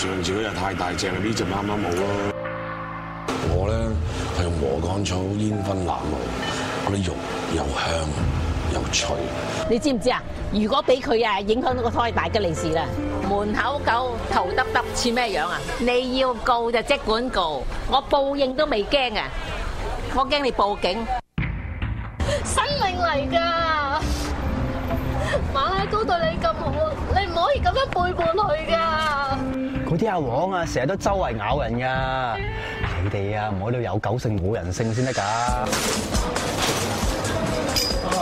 上自己又太大隻，呢隻啱啱好咯。我咧係用禾乾草煙燻鴨肉，嗰啲肉又香又脆。你知唔知啊？如果俾佢啊影響到個胎大吉利是啦。門口狗頭耷耷似咩樣啊？你要告就即管告，我報應都未驚啊！我驚你報警，生命嚟㗎。馬拉糕對你咁好，你唔可以咁樣背叛佢㗎。嗰啲阿黃啊，成日都周圍咬人噶，你哋啊，我哋有狗性冇人性先得噶。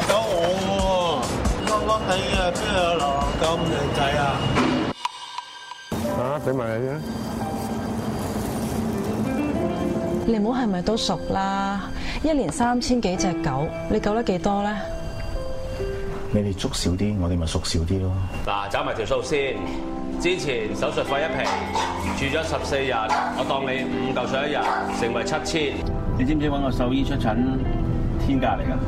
狗我，笠笠地啊，邊個啊，咁靚仔啊？啊，俾埋你先。你冇係咪都熟啦？一年三千幾隻狗，你狗得幾多咧？你哋捉少啲，我哋咪熟少啲咯。嗱，走埋條數先。之前手術費一平，住咗十四日，我當你五嚿水一日，成為七千。你知唔知揾個獸醫出診，天價嚟噶，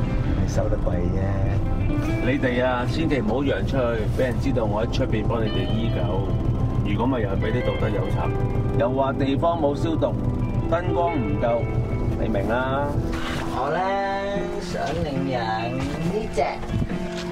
你收得貴啫。你哋啊，千祈唔好揚出去，俾人知道我喺出邊幫你哋醫狗。如果唔係，又俾啲道德有仇。又話地方冇消毒，燈光唔夠，你明啦。我咧想領養呢隻。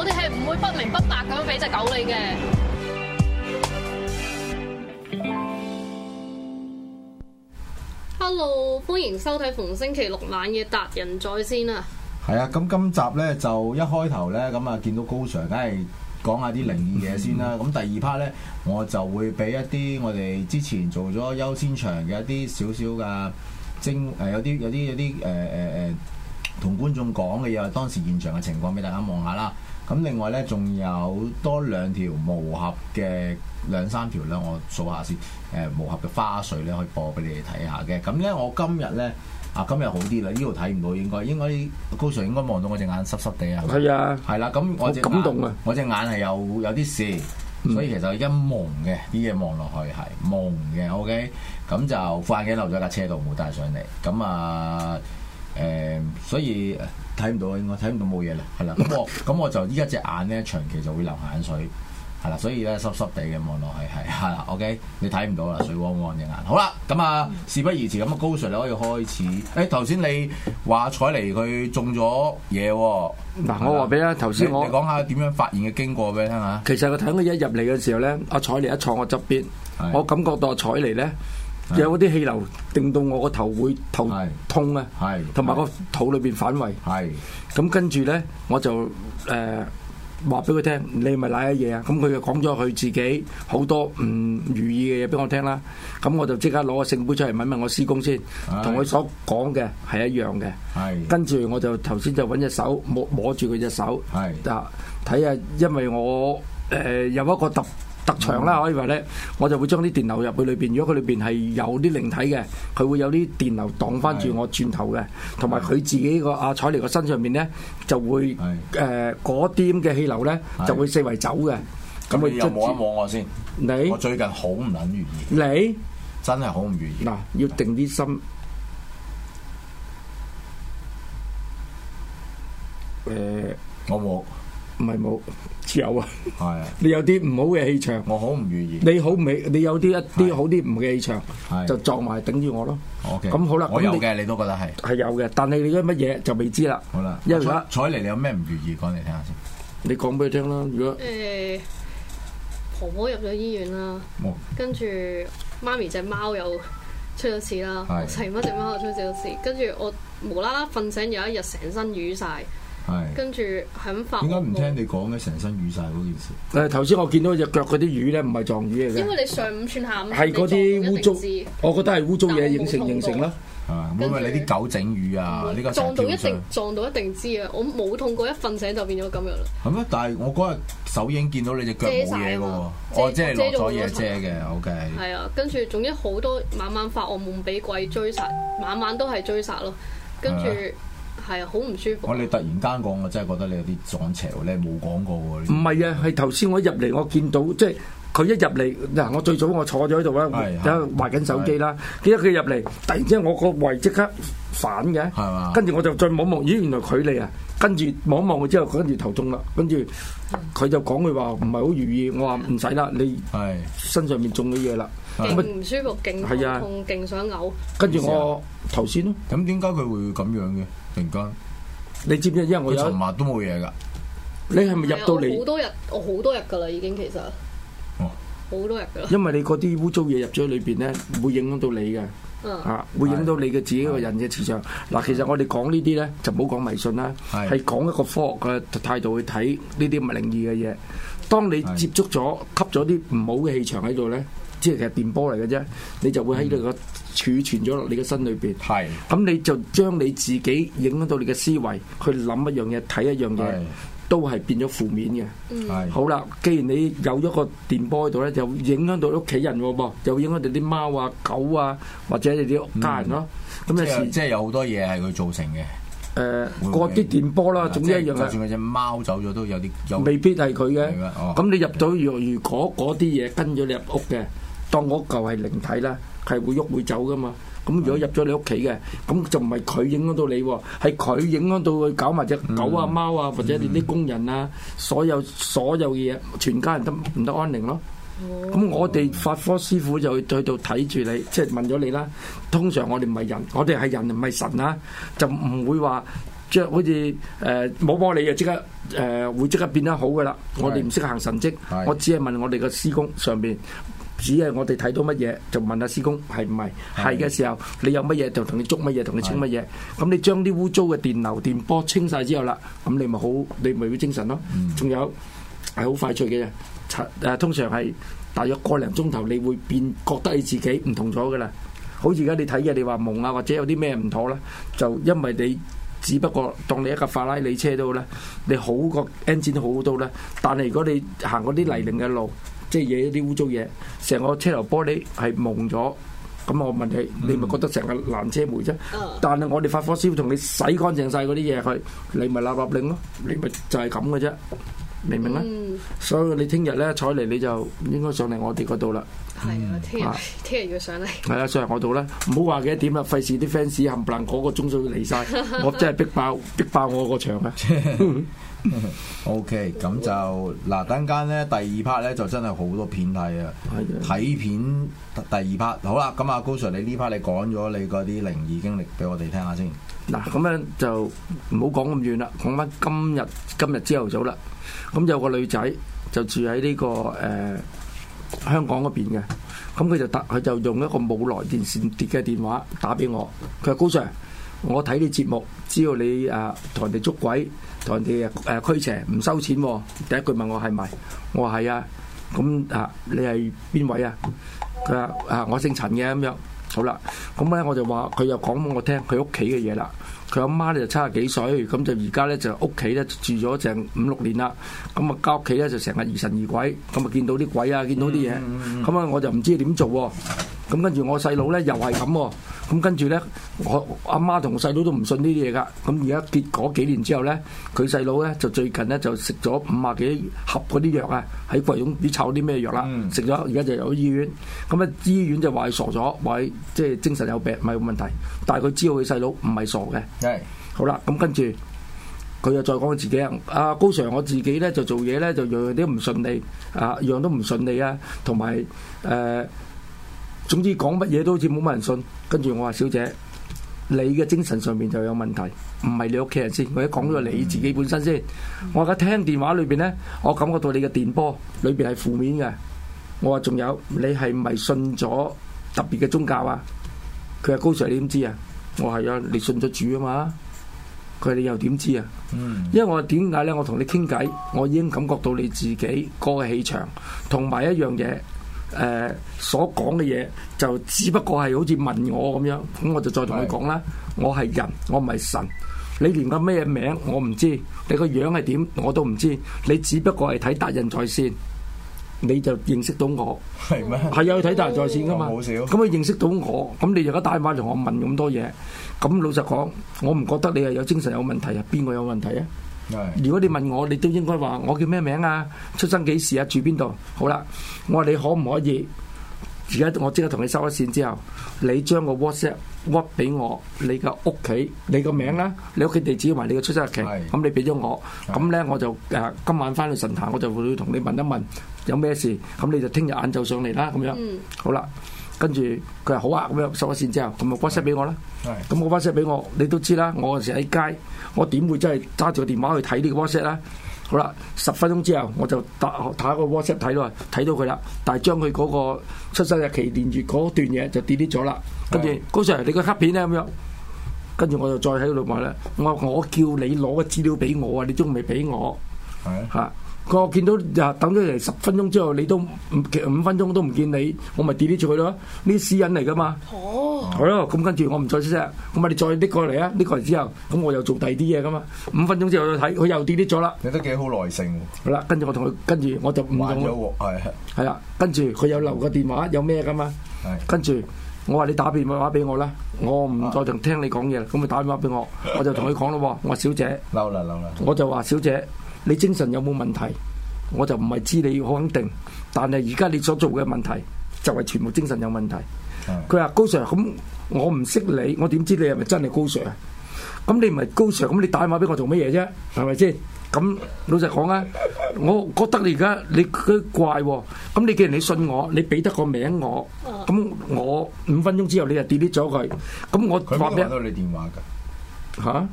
我哋係唔會不明不白咁樣俾隻狗你嘅。Hello，歡迎收睇逢星期六晚嘅達仁在線啊！係啊，咁今集咧就一開頭咧咁啊，見到高 Sir，梗係講下啲靈異嘢先啦。咁 第二 part 咧，我就會俾一啲我哋之前做咗優先場嘅一啲少少嘅精誒，有啲有啲有啲誒誒誒，同、呃呃、觀眾講嘅嘢，當時現場嘅情況俾大家望下啦。咁另外咧，仲有多兩條無合嘅兩三條咧，我數下先。誒、呃、無合嘅花絮咧，可以播俾你哋睇下嘅。咁咧，我今日咧啊，今日好啲啦。呢度睇唔到應，應該應該高 Sir 應該望到我隻眼濕濕地啊。係啊。係啦，咁我隻眼我隻眼係有有啲事，所以其實一朦嘅啲嘢望落去係朦嘅。OK，咁就副眼鏡留咗架車度，冇帶上嚟。咁啊～誒、嗯，所以睇唔到，應該睇唔到冇嘢啦，係啦。咁我咁我就依家隻眼咧長期就會流眼水，係啦。所以咧，濕濕地嘅望落去係係啦。OK，你睇唔到啦，水汪汪嘅眼。好啦，咁、嗯、啊、嗯、事不宜遲，咁啊高 Sir 你可以開始。誒，頭先你話采妮佢中咗嘢喎。嗱，我話俾你啦，頭先我哋講下點樣發現嘅經過俾你聽下。其實我睇佢一入嚟嘅時候咧，阿采妮一坐我側邊，的我感覺到采妮咧。有嗰啲氣流令到我個頭會頭痛啊，同埋個肚裏邊反胃。咁跟住咧，我就誒話俾佢聽，你係咪賴啲嘢啊？咁佢就講咗佢自己好多唔如意嘅嘢俾我聽啦。咁我就即刻攞個聖杯出嚟問問我師公先，同佢所講嘅係一樣嘅。跟住我就頭先就揾隻手摸摸住佢隻手，就睇下，因為我誒有一個毒。特長啦，我以為咧，我就會將啲電流入去裏邊。如果佢裏邊係有啲靈體嘅，佢會有啲電流擋翻住我轉頭嘅，同埋佢自己個安采妮個身上面咧就會誒嗰啲咁嘅氣流咧就會四圍走嘅。咁你又望一望我先，你我最近好唔諗願意，你真係好唔願意。嗱，要定啲心誒，我冇。唔係冇，有啊！係你有啲唔好嘅氣場，我好唔如意。你好美，你有啲一啲好啲唔嘅氣場，就作埋頂住我咯。咁好啦，我有嘅你都覺得係係有嘅，但係你嗰乜嘢就未知啦。好啦，一嚟彩嚟，你有咩唔如意講嚟聽下先。你講俾佢聽啦，如果誒婆婆入咗醫院啦，跟住媽咪隻貓又出咗事啦，細蚊隻貓又出咗事，跟住我無啦啦瞓醒有一日成身瘀晒。跟住喺咁發。點解唔聽你講嘅成身瘀晒嗰件事。誒，頭先我見到隻腳嗰啲瘀咧，唔係撞瘀嚟嘅。因為你上午穿下午係嗰啲污糟，我覺得係污糟嘢應成應成啦。係因為你啲狗整瘀啊，呢個成件撞到一定撞到一定知啊！我冇痛過，一瞓醒就變咗咁樣啦。係咩？但係我嗰日首影見到你隻腳冇嘢喎，我即係落咗嘢遮嘅。OK。係啊，跟住總之好多晚晚發惡夢，俾鬼追殺，晚晚都係追殺咯。跟住。係啊，好唔舒服。我、哦、你突然間講，我真係覺得你有啲撞邪。你冇講過喎。唔係啊，係頭先我一入嚟，我見到即係佢一入嚟嗱，我最早我坐咗喺度啊，喺度玩緊手機啦。見咗佢入嚟，突然之間我個胃即刻反嘅，跟住吧我就再望望，咦，原來佢嚟啊！跟住望一望佢之後，跟住頭中啦。跟住佢就講佢話唔係好如意。我話唔使啦，你身上面中咗嘢啦。咁唔舒服，勁痛，勁想嘔。跟住我頭先。咁點解佢會咁樣嘅？突然間，你知唔知？因為我有塵物都冇嘢噶。你係咪入到嚟？好多日，我好多日噶啦，已經其實。哦。好多日噶。因為你嗰啲污糟嘢入咗裏邊咧，唔會影響到你嘅。啊！會影到你嘅自己個人嘅磁場。嗱、啊，其實我哋講呢啲咧，就唔好講迷信啦，係是講一個科學嘅態度去睇呢啲咁嘅靈異嘅嘢。當你接觸咗吸咗啲唔好嘅氣場喺度咧，即係其實電波嚟嘅啫，你就會喺呢度，儲存咗落你嘅身裏邊，係咁你就將你自己影響到你嘅思維，去諗一樣嘢，睇一樣嘢，都係變咗負面嘅。係好啦，既然你有咗個電波喺度咧，就影響到屋企人喎，就影響到啲貓啊、狗啊，或者你啲屋家人咯。咁即係即係有好多嘢係佢造成嘅。誒，嗰啲電波啦，總之一樣嘅。就算嗰隻貓走咗都有啲，未必係佢嘅。咁你入到如如果嗰啲嘢跟咗你入屋嘅，當我舊係靈體啦。係會喐會走噶嘛？咁如果入咗你屋企嘅，咁就唔係佢影響到你喎，係佢影響到佢。搞埋隻狗啊、貓啊，或者你啲工人啊，所有所有嘢，全家人都唔得安寧咯。咁我哋法科師傅就去到度睇住你，即係問咗你啦。通常我哋唔係人，我哋係人唔係神啊，就唔會話即係好似誒冇幫你啊，即刻誒、呃、會即刻變得好噶啦。我哋唔識行神蹟，我只係問我哋個師公上邊。只係我哋睇到乜嘢就問下施工係唔係？係嘅的時候，你有乜嘢就同你捉乜嘢，同你清乜嘢。咁的你將啲污糟嘅電流電波清晒之後啦，咁你咪好，你咪會精神咯。仲、嗯、有係好快脆嘅，通常係大約個零鐘頭，你會變覺得你自己唔同咗㗎啦。好似而家你睇嘅，你話蒙啊，或者有啲咩唔妥啦，就因為你只不過當你一架法拉利車都好啦，你好過 engine 好好多啦。但係如果你行嗰啲泥濘嘅路，即、就、係、是、惹一啲污糟嘢。成個車頭玻璃係蒙咗，咁我問你，你咪覺得成個爛車門啫。但係我哋發火燒同你洗乾淨晒嗰啲嘢去，你咪立立領咯，你咪就係咁嘅啫，明唔明啊？嗯、所以你聽日咧，彩嚟你就應該上嚟我哋嗰度啦。係啊，聽日聽日要上嚟。係啊，上嚟我度啦，唔好話幾多點啦，費事啲 fans 冚唪唥嗰個鐘數嚟晒， 我真係逼爆逼爆我個場 okay, 啊。O K，咁就嗱，等間咧第二 part 咧就真係好多片睇啊。睇的片第二 part 好啦，咁阿高 Sir，你呢 part 你講咗你嗰啲靈異經歷俾我哋聽下先。嗱、啊，咁樣就唔好講咁遠啦，講翻今日今日朝頭早啦。咁有個女仔就住喺呢、這個誒。呃香港嗰邊嘅，咁佢就搭，佢就用一個冇來電線跌嘅電話打俾我。佢話：高 Sir，我睇你節目，知道你啊同人哋捉鬼，同人哋誒驅邪，唔收錢喎。第一句問我係咪？我話係啊。咁啊，你係邊位啊？佢話：啊，我姓陳嘅咁樣。好啦，咁咧我就話佢，又講俾我聽佢屋企嘅嘢啦，佢阿媽咧就七十幾歲，咁就而家咧就屋企咧住咗成五六年啦，咁啊交屋企咧就成日疑神疑鬼，咁啊見到啲鬼啊，見到啲嘢，咁啊、嗯嗯嗯、我就唔知點做、啊。咁跟住我細佬咧又係咁喎，咁跟住咧我阿媽同細佬都唔信呢啲嘢噶，咁而家結果幾年之後咧，佢細佬咧就最近咧就食咗五啊幾盒嗰啲藥啊，喺葵涌啲炒啲咩藥啦，食咗而家就入咗醫院，咁啊醫院就話佢傻咗，話即係精神有病，唔係冇問題，但係佢知道佢細佬唔係傻嘅。係是，好啦，咁跟住佢又再講佢自己啊，阿高 Sir，我自己咧就做嘢咧就樣樣都唔順利啊，樣都唔順利啊，同埋誒。啊啊總之講乜嘢都好似冇乜人信，跟住我話小姐，你嘅精神上面就有問題，唔係你屋企人先，或者講咗你自己本身先。我而家聽電話裏邊咧，我感覺到你嘅電波裏邊係負面嘅。我話仲有，你係咪信咗特別嘅宗教啊？佢話高 Sir，你點知啊？我係啊，你信咗主啊嘛。佢話你又點知啊？嗯，因為我點解咧？我同你傾偈，我已經感覺到你自己個氣場同埋一樣嘢。誒、呃，所講嘅嘢，就只不過係好似問我咁樣，咁我就再同佢講啦。是我係人，我唔係神。你連個咩名我唔知，你個樣係點我都唔知。你只不過係睇達仁在線，你就認識到我係咩？係有嗎，睇達仁在線噶嘛。咁佢好少。認識到我，咁你而家打電話同我問咁多嘢，咁老實講，我唔覺得你係有精神有問題啊？邊個有問題啊？如果你問我，你都應該話我叫咩名啊？出生幾時啊？住邊度？好啦，我話你可唔可以？而家我即刻同你收咗線之後，你將個 WhatsApp cut 俾我，你嘅屋企、你個名啦、你屋企地址同埋你嘅出生日期，咁是你俾咗我，咁咧我就誒今晚翻去神壇，我就會同、啊、你問一問有咩事，咁你就聽日晏晝上嚟啦，咁樣好啦。跟住佢話好啊，咁樣收咗線之後，咁 Wh 我 WhatsApp 俾我啦。咁我 WhatsApp 俾我，你都知啦。我成日喺街，我點會真係揸住個電話去睇呢個 WhatsApp 咧？好啦，十分鐘之後我就打睇下個 WhatsApp 睇咯，睇到佢啦。但係將佢嗰個出生日期連住嗰段嘢就跌啲咗啦。跟住的高 Sir 你個卡片咧，咁樣，跟住我就再喺度問咧，我我叫你攞個資料俾我，我的啊，你仲未俾我。係啊。我見到又等咗嚟十分鐘之後，你都五分鐘都唔見你，我咪 delete 住佢咯。呢啲私隱嚟噶嘛，係咯。咁跟住我唔再出聲。咁咪你再搦過嚟啊！搦過嚟之後，咁我又做第二啲嘢噶嘛。五分鐘之後再睇，佢又 delete 咗啦。你都幾好耐性喎。好啦，跟住我同佢，跟住我就唔用。換咗喎，係係。係啦，跟住佢又留個電話，有咩噶嘛？係。跟住我話你打電話俾我啦，我唔再同聽你講嘢啦。咁咪打電話俾我，我就同佢講咯喎。我話小姐。嬲啦，嬲啦。我就話小姐。你精神有冇問題？我就唔係知你好肯定，但係而家你所做嘅問題就係全部精神有問題。佢話，高 Sir 咁，我唔識你，我點知你係咪真係高 Sir 啊？咁你唔係高 Sir，咁你打電話俾我做乜嘢啫？係咪先？咁老實講啊，我覺得你而家你都怪，咁你既然你信我，你俾得個名我，咁我五分鐘之後你就 delete 咗佢，咁我佢冇搵到你電話噶吓？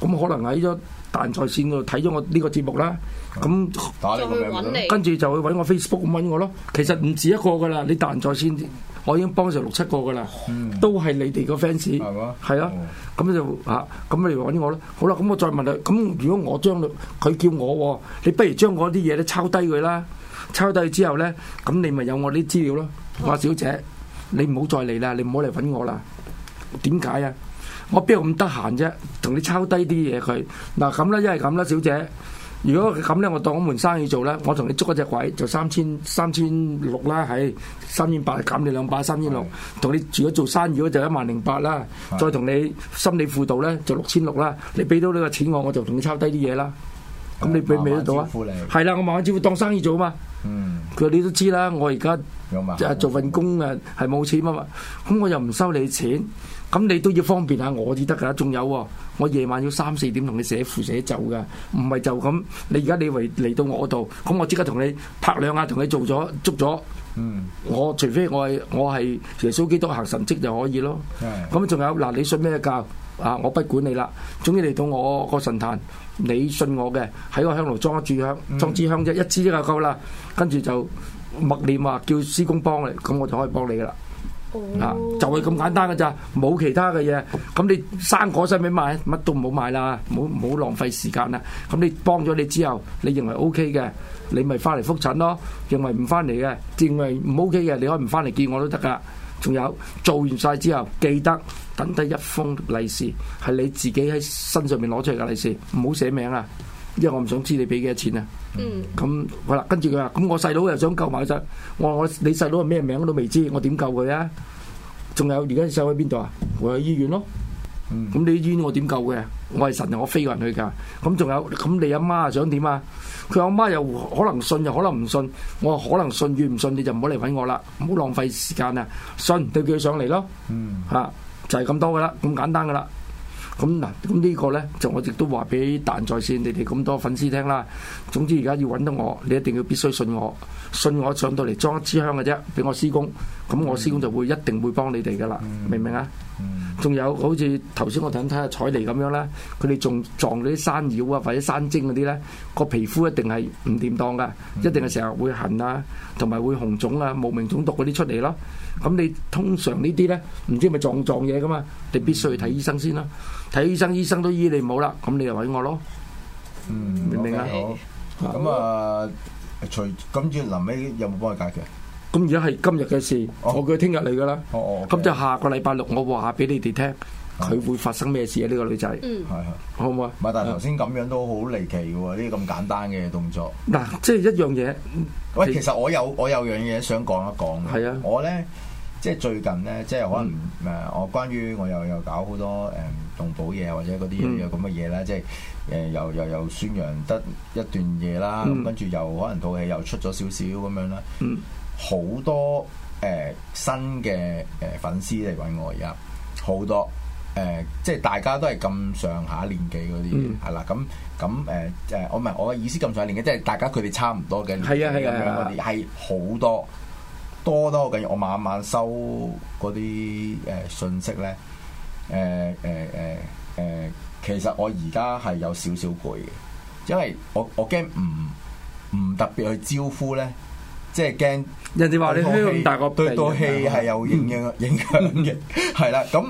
咁可能喺咗。達仁在線度睇咗我呢個節目啦，咁打你跟住就去揾我 Facebook 咁揾我咯。其實唔止一個噶啦，你達仁在線我已經幫咗成六七個噶啦，嗯、都係你哋個 fans，係啊，咁就嚇，咁、啊、你揾我咯。好啦，咁我再問佢，咁如果我將佢叫我，你不如將嗰啲嘢咧抄低佢啦，抄低之後咧，咁你咪有我啲資料咯。話、嗯、小姐，你唔好再嚟啦，你唔好嚟揾我啦。點解啊？我邊度咁得閒啫？同你抄低啲嘢佢嗱咁啦，一係咁啦，小姐，如果咁咧，我當我門生意做啦，我同你捉嗰隻鬼就三千三千六啦，喺三千八減你兩百三千六，同你如果做生意嗰就一萬零八啦，再同你心理輔導咧就六千六啦，你俾到呢個錢我，我就同你抄低啲嘢啦。咁的你俾唔俾得到啊？係啦，我慢慢招呼當生意做啊嘛。嗯。佢話你都知啦，我而家就做份工啊，係冇錢啊嘛，咁我又唔收你錢。咁你都要方便下，我至得噶，仲有喎，我夜晚要三四點同你寫符寫咒噶，唔係就咁。你而家你嚟嚟到我嗰度，咁我即刻同你拍兩下，同你做咗捉咗。嗯，我除非我我係耶穌基督行神跡就可以咯。係。咁仲有嗱，你信咩教啊？我不管你啦，總之嚟到我個神壇，你信我嘅喺個香爐裝一炷香，裝支香啫，一支就夠啦。跟住就默唸話叫師公幫你，咁我就可以幫你噶啦。嗱，就係咁簡單㗎咋，冇其他嘅嘢。咁你生果上面買，乜都唔好買啦，唔好唔好浪費時間啦。咁你幫咗你之後，你認為 O K 嘅，你咪翻嚟覆診咯。認為唔翻嚟嘅，認為唔 O K 嘅，你可以唔翻嚟見我都得噶。仲有做完晒之後，記得等低一封利是，係你自己喺身上面攞出嚟嘅利是，唔好寫名啊。因為我唔想知你俾幾多錢啊，咁好啦，跟住佢話，咁我細佬又想救埋佢啫。我話我你細佬係咩名都未知，我點救佢啊？仲有而家你住喺邊度啊？我去醫院咯。咁、嗯嗯、你醫院我點救嘅？我係神，我飛個人去㗎。咁、嗯、仲、嗯、有，咁你阿媽又想點啊？佢阿媽，媽又可能信又可能唔信。我話可能信與唔信，你就唔好嚟揾我啦，唔好浪費時間啊！信對佢上嚟咯。啊、嗯嗯、就係、是、咁多㗎啦，咁簡單㗎啦。咁嗱，咁呢個呢，就我亦都話俾達仁在線你哋咁多粉絲聽啦。總之而家要揾到我，你一定要必須信我，信我上到嚟裝一支香嘅啫，俾我施工，咁我施工就會、嗯、一定會幫你哋噶啦，嗯、明唔明啊？嗯仲有好似頭先我想睇下采妮咁樣咧，佢哋仲撞到啲山妖啊或者山精嗰啲咧，個皮膚一定係唔掂當噶，一定係成日會痕啊，同埋會紅腫啊、無名腫毒嗰啲出嚟咯。咁你通常呢啲咧，唔知係咪撞撞嘢噶嘛？你必須去睇醫生先啦，睇醫生醫生都醫你唔好啦，咁你又揾我咯。嗯，明唔明啊？好。咁啊，除咁住臨尾有冇幫佢解決？咁而家係今日嘅事，我佢聽日嚟㗎啦。哦哦，咁就下個禮拜六，我話俾你哋聽，佢會發生咩事啊？呢個女仔，嗯，好唔好啊？唔係，但係頭先咁樣都好離奇嘅喎，呢啲咁簡單嘅動作。嗱、啊，即係一樣嘢。喂，其實我有我有樣嘢想講一講嘅。係啊，我咧即係最近咧，即係可能誒，我、嗯、關於我又又搞好多誒動、嗯、保嘢，或者嗰啲咁嘅嘢啦，嗯、即係誒又又又，又宣揚得一段嘢啦。咁、嗯、跟住又可能套戲又出咗少少咁樣啦。嗯。好多誒、呃、新嘅誒粉絲嚟揾我，而家好多誒、呃，即係大家都係咁上下年紀嗰啲嘅，係啦、嗯，咁咁誒誒，我唔係我嘅意思咁上下年紀，即係大家佢哋差唔多嘅年紀咁樣，我哋係好多多多緊要，我晚晚收嗰啲誒信息咧，誒誒誒誒，其實我而家係有少少攰嘅，因為我我驚唔唔特別去招呼咧。即係驚人哋話你胸咁大個鼻對，對部戲係有影響影響嘅，係啦。咁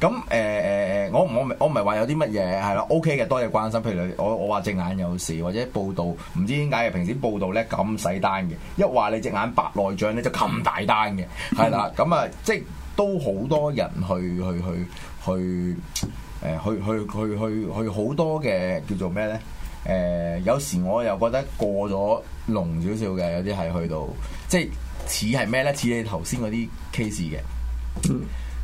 咁誒誒誒，我唔我唔係話有啲乜嘢係啦，OK 嘅多謝關心。譬如我我話隻眼有事，或者報道唔知點解平時報道咧咁使單嘅，一話你隻眼白內障咧就冚大單嘅，係啦。咁啊， 即係都好多人去去去去誒去去去去去好多嘅叫做咩咧？誒、呃、有時我又覺得過咗龍少少嘅，有啲係去到即係似係咩咧？似你頭先嗰啲 case 嘅，嗯、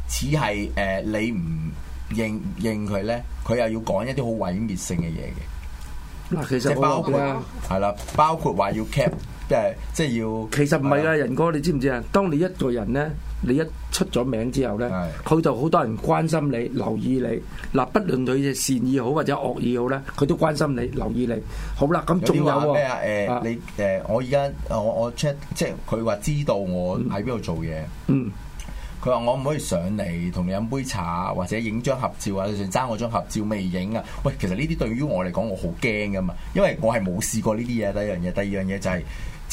似係誒、呃、你唔認認佢咧，佢又要講一啲好毀滅性嘅嘢嘅。嗱，其實包括，得係啦，包括話要 cap， 即係即係要。其實唔係噶，仁、啊、哥，你知唔知啊？當你一個人咧。你一出咗名之後呢，佢是的 就好多人關心你、留意你。嗱、啊，不論佢嘅善意好或者惡意好呢，佢都關心你、留意你。好啦，咁仲有咩啊？誒、哦欸，你誒、欸，我而家我我 check，即係佢話知道我喺邊度做嘢。嗯。佢話：我唔可以上嚟同你飲杯茶，或者影張合照啊？就算爭我張合照未影啊？喂，其實呢啲對於我嚟講，我好驚㗎嘛，因為我係冇試過呢啲嘢。第一樣嘢，第二樣嘢就係、是。即係誒誒誒誒誒誒誒誒，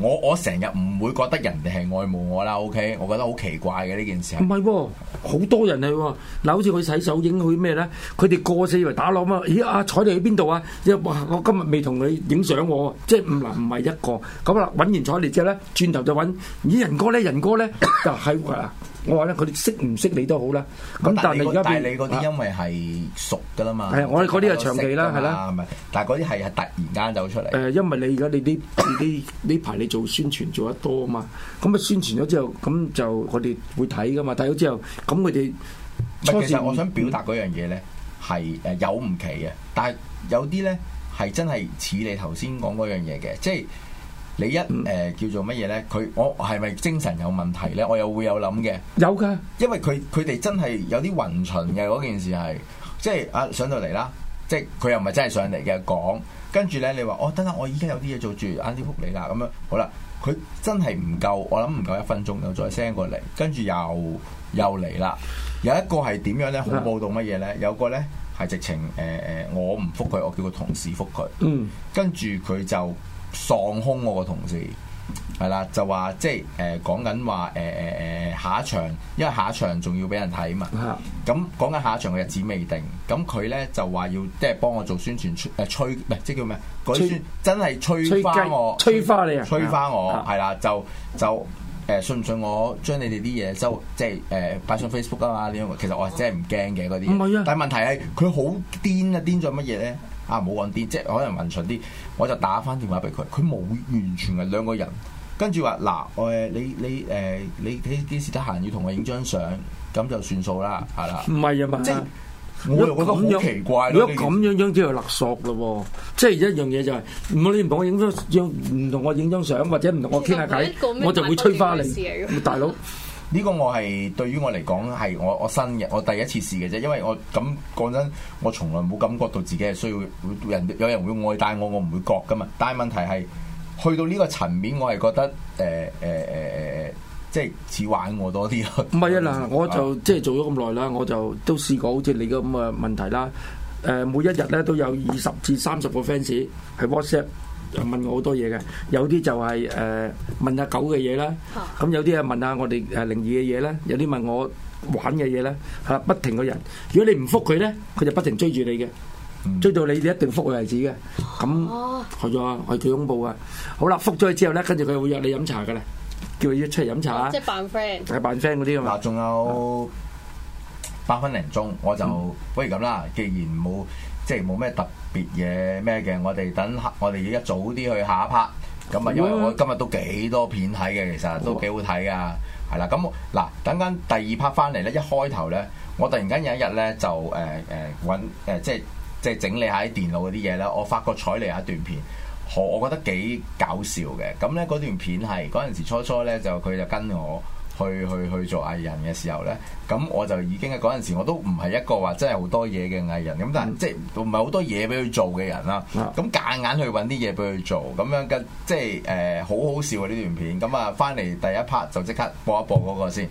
我我成日唔會覺得人哋係愛慕我啦，OK？我覺得好奇怪嘅呢件事。唔係喎，好多人嚟喎。嗱，好似佢洗手影佢咩咧？佢哋過四以為打攞嘛？咦！阿采妮去邊度啊？又哇！我今日未同你影相喎。即係唔唔係一個咁啦。揾完采妮之後咧，轉頭就揾咦仁哥咧？仁哥咧就喺喎。我話咧，佢哋識唔識你都好啦。咁但係而家代你嗰啲，因為係熟噶啦嘛。係、啊、我哋嗰啲係長期啦，係啦的。但係嗰啲係係突然間走出嚟。誒，因為你而家你啲、你呢排你，你做宣傳做得多啊嘛。咁啊，宣傳咗之後，咁就佢哋會睇噶嘛。睇咗之後，咁佢哋其實我想表達嗰樣嘢咧，係誒有唔奇嘅，但係有啲咧係真係似你頭先講嗰樣嘢嘅，即係。你一誒、呃、叫做乜嘢咧？佢我係咪精神有問題咧？我又會有諗嘅。有㗎的，因為佢佢哋真係有啲暈陣嘅嗰件事係，即係啊上到嚟啦，即係佢又唔係真係上嚟嘅講，跟住咧你話哦等下我而家有啲嘢做住，晏啲覆你啦咁樣。好啦，佢真係唔夠，我諗唔夠一分鐘，再又再 send 過嚟，跟住又又嚟啦。有一個係點樣咧？好暴動乜嘢咧？有個咧係直情誒誒，我唔覆佢，我叫個同事覆佢。嗯，跟住佢就。喪空我個同事係啦，就話即係誒講緊話誒誒誒下一場，因為下一場仲要俾人睇嘛。咁講緊下一場嘅日子未定，咁佢咧就話要即係幫我做宣傳，吹誒吹唔係即叫咩？宣吹，真係吹翻，我吹，吹花你、啊、吹翻我係啦的的，就就誒、呃、信唔信我將你哋啲嘢，收即係誒擺上 Facebook 啊嘛？呢樣其實我真係唔驚嘅嗰啲。但係問題係佢好癲啊！癲咗乜嘢咧？啊！冇按啲，即係可能暈場啲，我就打翻電話俾佢。佢冇完全係，兩個人跟住話嗱，誒你你誒你你幾時得閒要同我影張相，咁就算數啦，係啦。唔係啊嘛，即我又覺得好奇怪如果咁樣樣就勒索咯喎，即係一樣嘢就係，唔好你唔同我影張相，唔同我影張相或者唔同我傾下偈，嗯、我就會吹返嚟。」大佬。呢個我係對於我嚟講係我我新嘅，我第一次試嘅啫。因為我咁講真，我從來冇感覺到自己係需要人有人會愛戴我，我唔會覺噶嘛。但係問題係去到呢個層面，我係覺得誒誒誒誒，即係似玩我多啲咯。唔係啊，嗱， 我就，我就 即係做咗咁耐啦，我就都試過好似你咁嘅問題啦。誒、呃，每一日咧都有二十至三十個 fans 喺 WhatsApp。就問我好多嘢嘅，有啲就係誒問下狗嘅嘢啦，咁有啲啊問下我哋誒靈異嘅嘢啦，有啲問我玩嘅嘢啦，係啦，不停嘅人。如果你唔覆佢咧，佢就不停追住你嘅，追到你你一定覆佢為止嘅。咁係啊，係幾恐怖啊！好啦，覆咗佢之後咧，跟住佢會約你飲茶㗎啦，叫佢出嚟飲茶啊，即係扮 friend，係扮 friend 嗰啲啊嘛。嗱，仲有八分零鐘，我就不如咁啦，既然冇。即係冇咩特別嘢咩嘅，我哋等我哋要一早啲去下一 part，咁啊，因為我今日都幾多片睇嘅，其實都幾好睇噶，係啦，啊。咁嗱，等緊第二 part 翻嚟咧，一開頭咧，我突然間有一日咧就誒誒揾誒，即係即係整理下啲電腦嗰啲嘢咧，我發覺彩嚟有一段片，我我覺得幾搞笑嘅。咁咧嗰段片係嗰陣時初初咧就佢就跟我。去去去做藝人嘅時候呢，咁我就已經喺嗰陣時我都唔係一個話真係好多嘢嘅藝人，咁、嗯、但係即係唔係好多嘢俾佢做嘅人啦。咁夾、嗯、硬去揾啲嘢俾佢做，咁樣嘅，即係誒、呃、好好笑啊！呢段片咁啊，翻嚟第一 part 就即刻播一播嗰個先。